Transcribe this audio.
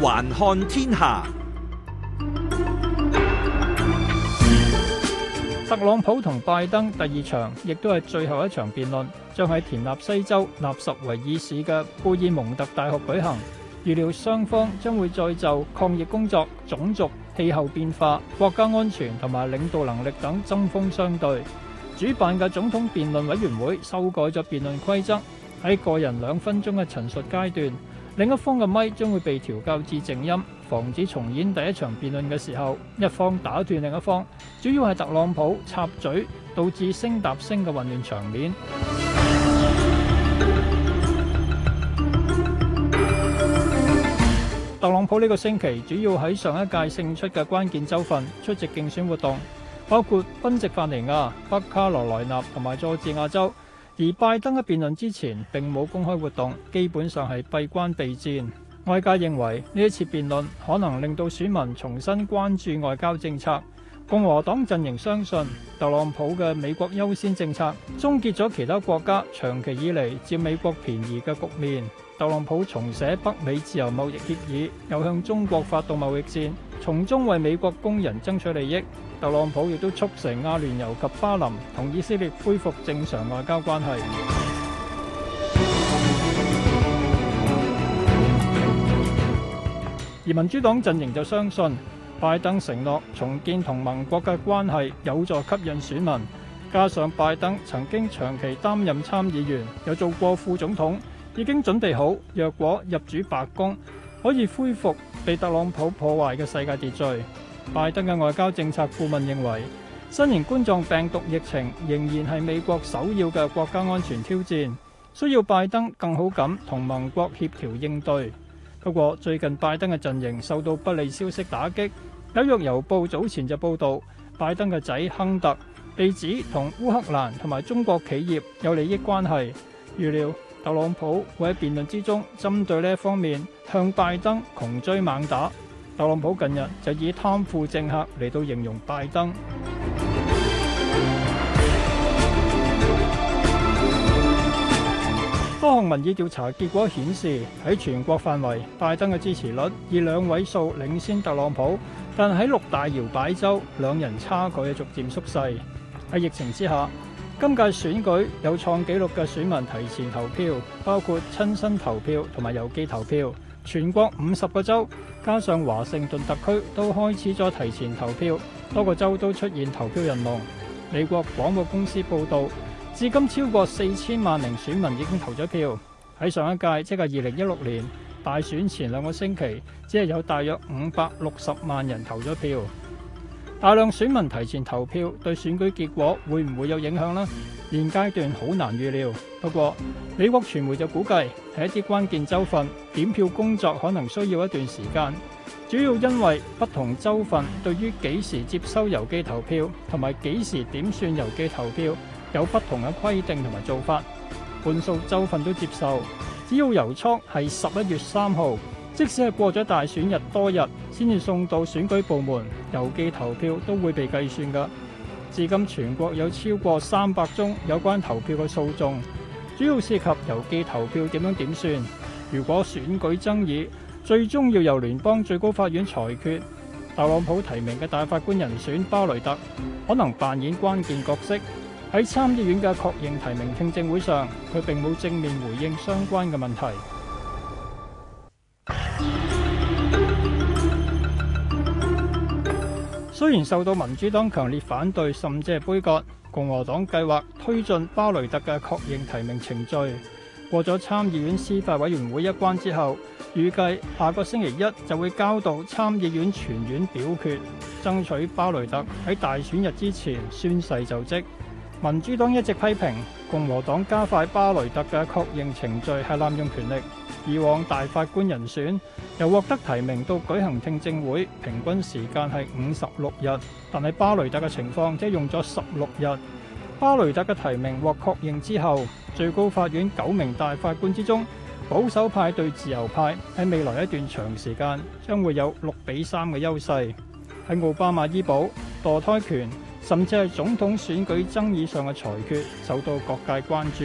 環看天下。特朗普同拜登第二場，亦都係最後一場辯論，將喺田納西州納什維爾市嘅貝爾蒙特大學舉行。預料雙方將會再就抗疫工作、種族、氣候變化、國家安全同埋領導能力等針鋒相對。主辦嘅總統辯論委員會修改咗辯論規則，喺個人兩分鐘嘅陳述階段。另一方嘅咪將會被調校至靜音，防止重演第一場辯論嘅時候，一方打斷另一方。主要係特朗普插嘴，導致聲搭聲嘅混亂場面。 特朗普呢個星期主要喺上一屆勝出嘅關鍵州份出席競選活動，包括賓夕法尼亞、北卡羅來納同埋佐治亞州。而拜登喺辯論之前並冇公開活動，基本上係閉關備戰。外界認為呢一次辯論可能令到選民重新關注外交政策。共和黨陣營相信特朗普嘅美國優先政策終結咗其他國家長期以嚟佔美國便宜嘅局面。特朗普重寫北美自由貿易協議，又向中國發動貿易戰。從中為美國工人爭取利益，特朗普亦都促成阿聯酋及巴林同以色列恢復正常外交關係。而民主黨陣營就相信，拜登承諾重建同盟國嘅關係有助吸引選民，加上拜登曾經長期擔任參議員，又做過副總統，已經準備好，若果入主白宮，可以恢復。被特朗普破壞嘅世界秩序。拜登嘅外交政策顧問認為，新型冠狀病毒疫情仍然係美國首要嘅國家安全挑戰，需要拜登更好咁同盟國協調應對。不過，最近拜登嘅陣營受到不利消息打擊。紐約郵報早前就報道，拜登嘅仔亨特被指同烏克蘭同埋中國企業有利益關係，預料。特朗普會喺辯論之中針對呢一方面向拜登窮追猛打。特朗普近日就以貪腐政客嚟到形容拜登。 多項民意調查結果顯示，喺全國範圍，拜登嘅支持率以兩位數領先特朗普，但喺六大搖擺州兩人差距嘅逐漸縮細。喺疫情之下。今屆選舉有創紀錄嘅選民提前投票，包括親身投票同埋郵寄投票。全國五十個州加上華盛頓特區都開始咗提前投票，多個州都出現投票人龍。美國廣播公司報道，至今超過四千萬名選民已經投咗票。喺上一屆，即係二零一六年大選前兩個星期，只係有大約五百六十萬人投咗票。大量選民提前投票對選舉結果會唔會有影響呢？現階段好難預料。不過美國傳媒就估計，喺一啲關鍵州份，點票工作可能需要一段時間，主要因為不同州份對於幾時接收郵寄投票同埋幾時點算郵寄投票有不同嘅規定同埋做法。半數州份都接受，只要郵戳係十一月三號。即使係過咗大選日多日，先至送到選舉部門郵寄投票都會被計算噶。至今全國有超過三百宗有關投票嘅訴訟，主要涉及郵寄投票點樣點算。如果選舉爭議最終要由聯邦最高法院裁決，特朗普提名嘅大法官人選巴雷特可能扮演關鍵角色。喺參議院嘅確認提名聽證會上，佢並冇正面回應相關嘅問題。雖然受到民主黨強烈反對，甚至係杯葛，共和黨計劃推進巴雷特嘅確認提名程序。過咗參議院司法委員會一關之後，預計下個星期一就會交到參議院全院表決，爭取巴雷特喺大選日之前宣誓就職。民主黨一直批評共和黨加快巴雷特嘅確認程序係濫用權力。以往大法官人選由獲得提名到舉行聽證會，平均時間係五十六日，但係巴雷特嘅情況即係用咗十六日。巴雷特嘅提名獲確認之後，最高法院九名大法官之中，保守派對自由派喺未來一段長時間將會有六比三嘅優勢。喺奧巴馬醫保、墮胎權，甚至係總統選舉爭議上嘅裁決，受到各界關注。